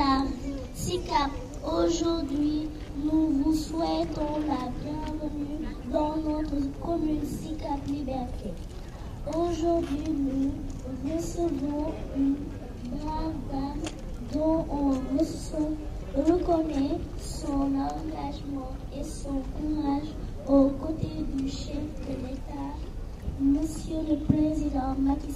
la SICAP. Aujourd'hui, nous vous souhaitons la bienvenue dans notre commune SICAP Liberté. Aujourd'hui, nous recevons une brave dont on reconnaît son engagement et son courage aux côtés du chef de l'État, Monsieur le Président Macky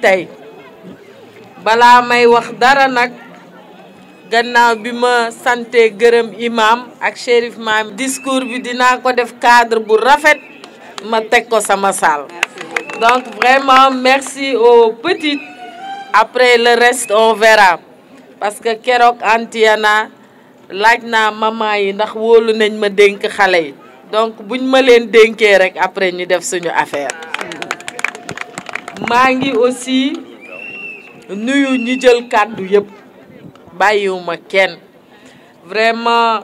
tey bala may wax dara nag gannaaw bi ma sante gërëm imam ak shérif maam discours bi dina ko def cadre bu rafet ma teg ko sama salle donc vraiment merci aux petites après le reste on verra parce que keroog Antiana laaj naa maman yi ndax wóolu nañ ma dénk xale yi donc buñ ma leen dénkee rek après ñu def suñu affaire maa ngi aussi nuyu ñu jël kàddu yëpp bàyyiwuma kenn vraiment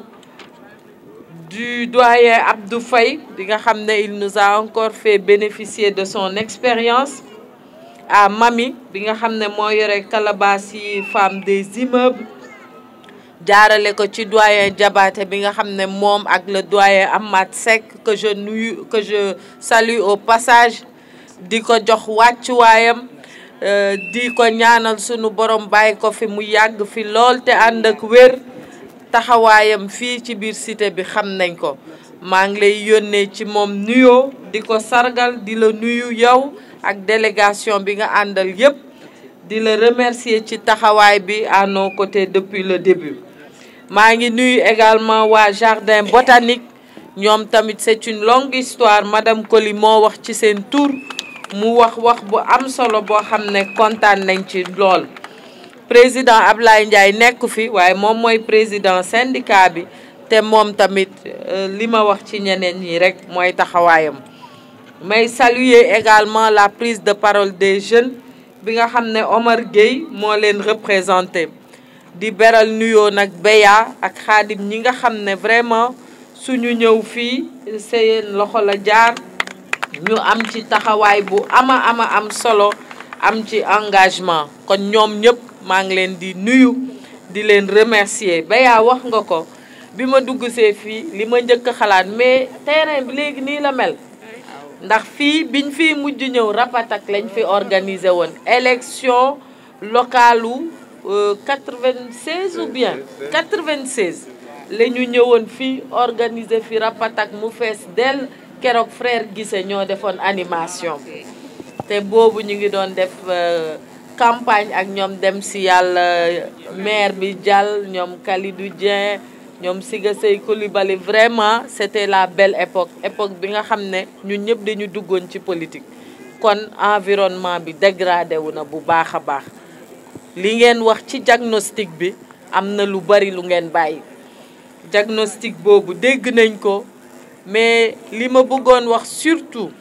du doyen Abdou Faye bi nga xam ne il nous a encore fait bénéficier de son expérience à Mami bi nga xam ne moo yore calabas yi femme des immeubles jaarale ko ci doyen jabaate bi nga xam ne moom ak la doyen Amath Seck que je nuyu que je salue au passage di ko jox wàccuwaayam euh, di ko ñaanal sunu borom bàyyi ko fi mu yàgg fi lool te ànd ak wér taxawaayam fii ci biir cité bi xam nañ ko maa ngi lay yónnee ci moom nuyoo di ko sargal di la nuyu yow ak délégation bi nga àndal yépp di la remercier ci taxawaay bi à nos côtés depuis le début maa ngi nuyu également waa jardin botanique ñoom tamit c'est une longue histoire madame Coly moo wax ci seen tour mu wax wax bu am solo boo xam ne kontaan nañ ci lool président Ablaye Ndiaye nekku fi waaye moom mooy président syndicat bi te moom tamit euh, li ma wax ci ñeneen ñi rek mooy taxawaayam may saluer également la prise de parole des jeunes bi nga xam ne Omar Gueye moo leen représenté di beral nuyoo nag Beya ak xaadim ñi nga xam ne vraiment suñu ñëw fii seen loxo la jaar ñu am ci taxawaay bu ama ama am solo am ci engagement kon ñoom ñëpp maa ngi leen di nuyu di leen remercier Beya wax nga ko bi ma dugg see fii li ma njëkk xalaat mais terrain bi léegi nii la mel ndax fii biñ fi mujj ñëw rapatak lañ fi organiser woon élection localu u euh, 96 ou bien 96 la ñu ñëwoon fii organiser fi rapatak mu fees dell keroog frère Guissé ñoo defoon animation te boobu ñu ngi doon def euh, campagne ak ñoom dem si yàlla maire bi Diall ñoom Kalidou Dieng ñoom Siga Sey Coulibaly vraiment c'était la belle époque époque bi nga xam ne ñu ñëpp dañu duggoon ci politique kon environnement bi dégradé wu na bu baax a baax li ngeen wax ci diagnostic bi am na lu bari lu ngeen bàyyi diagnostic boobu dégg nañ ko mais li ma bëggoon wax surtout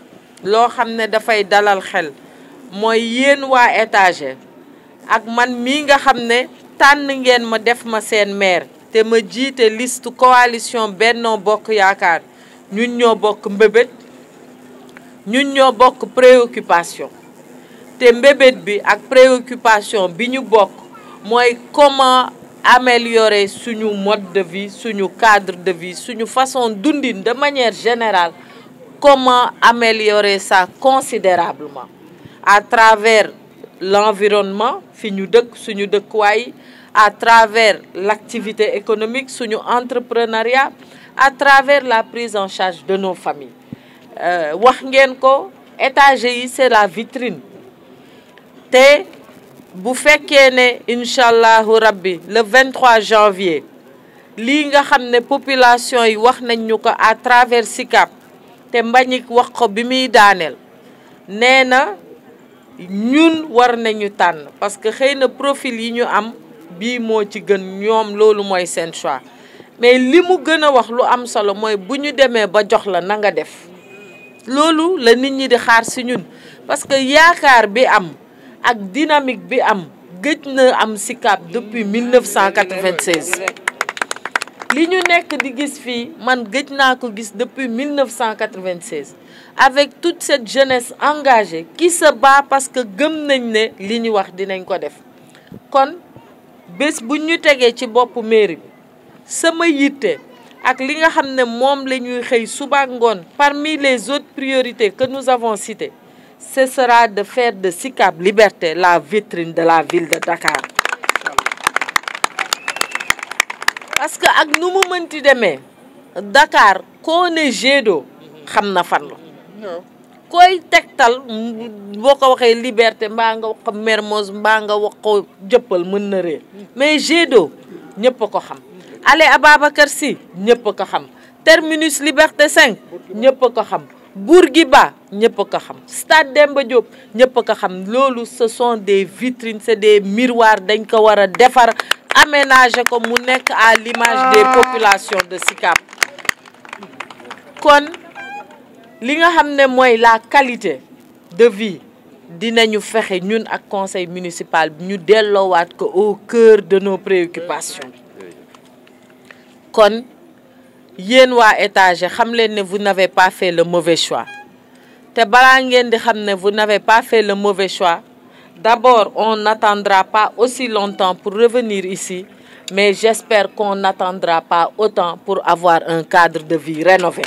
loo xam ne dafay dalal xel mooy yéen waa étage ak man mii nga xam ne tànn ngeen ma def ma seen maire te ma jiite liste coalition Benno Bokk Yaakaar ñun ñoo bokk mbébét ñun ñoo bokk préoccupation te mbébét bi ak préoccupation bi ñu bokk mooy comment améliorer suñu mode de vie suñu cadre de vie suñu façon dundin de manière générale comment améliorer ça considérablement à travers l'environnement fi ñu dëkk suñu dëkkuwaay à travers l'activité économique suñu entrepreneuriat à travers la prise en charge de nos familles euh, wax ngeen ko étagers yi c'est la vitrine te bu fekkee ne incha allahu rabbi le 23 janvier lii nga xam ne population yi wax nañ ñu ko à travers SICAP te Mbagnick wax ko bi muy daaneel ñun war nañu tànn parce que xëy na profil yi ñu am bii moo ci gën ñoom loolu mooy seen choix mais li mu gën a wax lu am solo mooy bu ñu demee ba jox la nanga def loolu la nit ñi di xaar si ñun parce que yaakaar bi am ak dynamique bi am gëj na am Sicap depuis 1996. li ñu nekk di gis fii man gëj naa ko gis depuis 1996 avec toute cette jeunesse engagée qui se bat parce que gëm nañ ne li ñu wax dinañ ko def kon bés bu ñu tegee ci boppu mairie bi sama yitte ak li nga xam ne moom la ñuy xëy suba ak ngoon parmi les autres priorités que nous avons cité ce sera de faire de Sicap Liberté la vitrine de la ville de Dakar parce que ak nu mu mënti demee dakaar koo ne jet xam na fan la koy tegtal boo ko waxee liberté mbaa nga wax ko mbaa nga wax ko jëppal mën na réer mais jet d'eau ñëpp a ko xam allée Ababacar Sy ñëpp a ko xam terminus liberté 5 ñëpp a ko xam Bourguiba ñëpp a ko xam stade Demba Diop ñëpp a ko xam loolu ce sont des vitrines c'est des miroirs dañ ko war a defar aménager ko mu nekk à l'image des ah. populations de Sicap kon li nga xam ne mooy la qualité de vie dinañu fexe ñun ak conseil municipal ñu delloowaat ko au cœur de nos préoccupations kon yéen waa étage xam leen ne vous n'avez pas fait le mauvais choix te bala ngeen di xam ne vous n'avez pas fait le mauvais choix D'abord, on n'attendra pas aussi longtemps pour revenir ici, mais j'espère qu'on n'attendra pas autant pour avoir un cadre de vie rénové.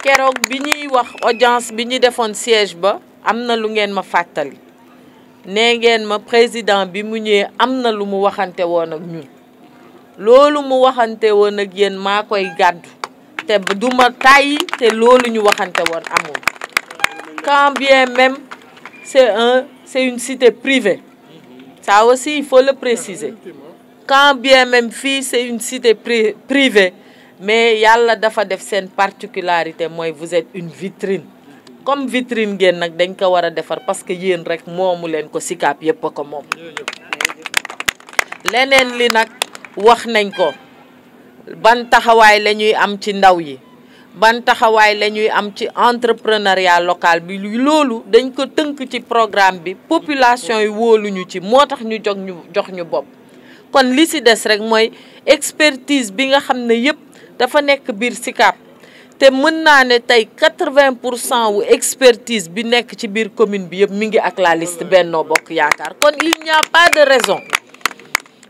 keroog bi ñuy wax audience bi ñu defoon siège ba am na lu ngeen ma fàttali nee ngeen ma président bi mu ñëwee am na lu mu waxante woon ak ñun loolu mu waxante woon ak yéen maa koy gàddu te du tàyyi te loolu ñu waxante woon amul quand bien même c'est un c'est une cité privée ça aussi il faut le préciser quand bien même fii c'est une cité pri privée mais yàlla dafa def seen particularité mooy vous êtes une vitrine comme vitrine ngeen nag dañ ko war a defar parce que yéen rek moomu leen ko Sicap yépp a ko moom leneen li nag wax nañ ko ban taxawaay la ñuy am ci ndaw yi ban taxawaay la ñuy am ci entrepreneuriat local bi loolu dañ ko tënk ci programme bi population yi wóoluñu ci moo tax ñu jox ñu jox ñu bopp kon li si des rek mooy expertise bi nga xam ne yëpp dafa nekk biir SICAP te mën naa ne tey quatre-vingt pour cent wu expertise bi nekk ci biir commune bi yëpp mi ngi ak la list Benno Bokk Yaakaar kon il n'y a pas de raison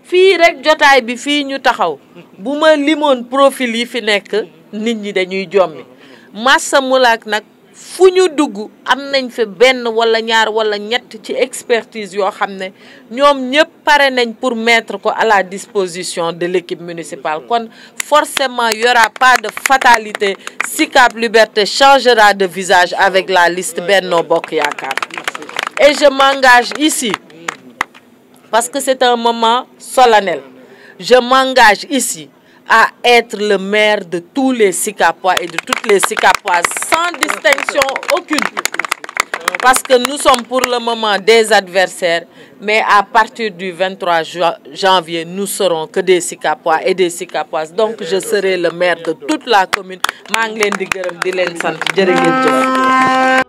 fii rek jotaay bi fii ñu taxaw bu ma limoon profil yi fi nekk nit ñi dañuy jommi massa mulaak nag fu ñu dugg am nañ fi benn wala ñaar wala ñett ci expertise yoo xam ne ñoom ñëpp pare nañ pour mettre ko à la disposition de l'équipe municipale kon forcément y aura pas de fatalité Sicap Liberté changera de visage avec la liste Benno Bokk Yaakaar et je m'engage ici parce que c'est un moment solennel je m'engage ici à être le maire de tous les Sikapois et les Sikapoises, sans distinction aucune. Parce que nous pour le moment des adversaires, mais à partir du 23 janvier, nous serons que des Sikapois et des Donc je serai le maire de la commune. maa ngi leen di gërëm di leen sant jërë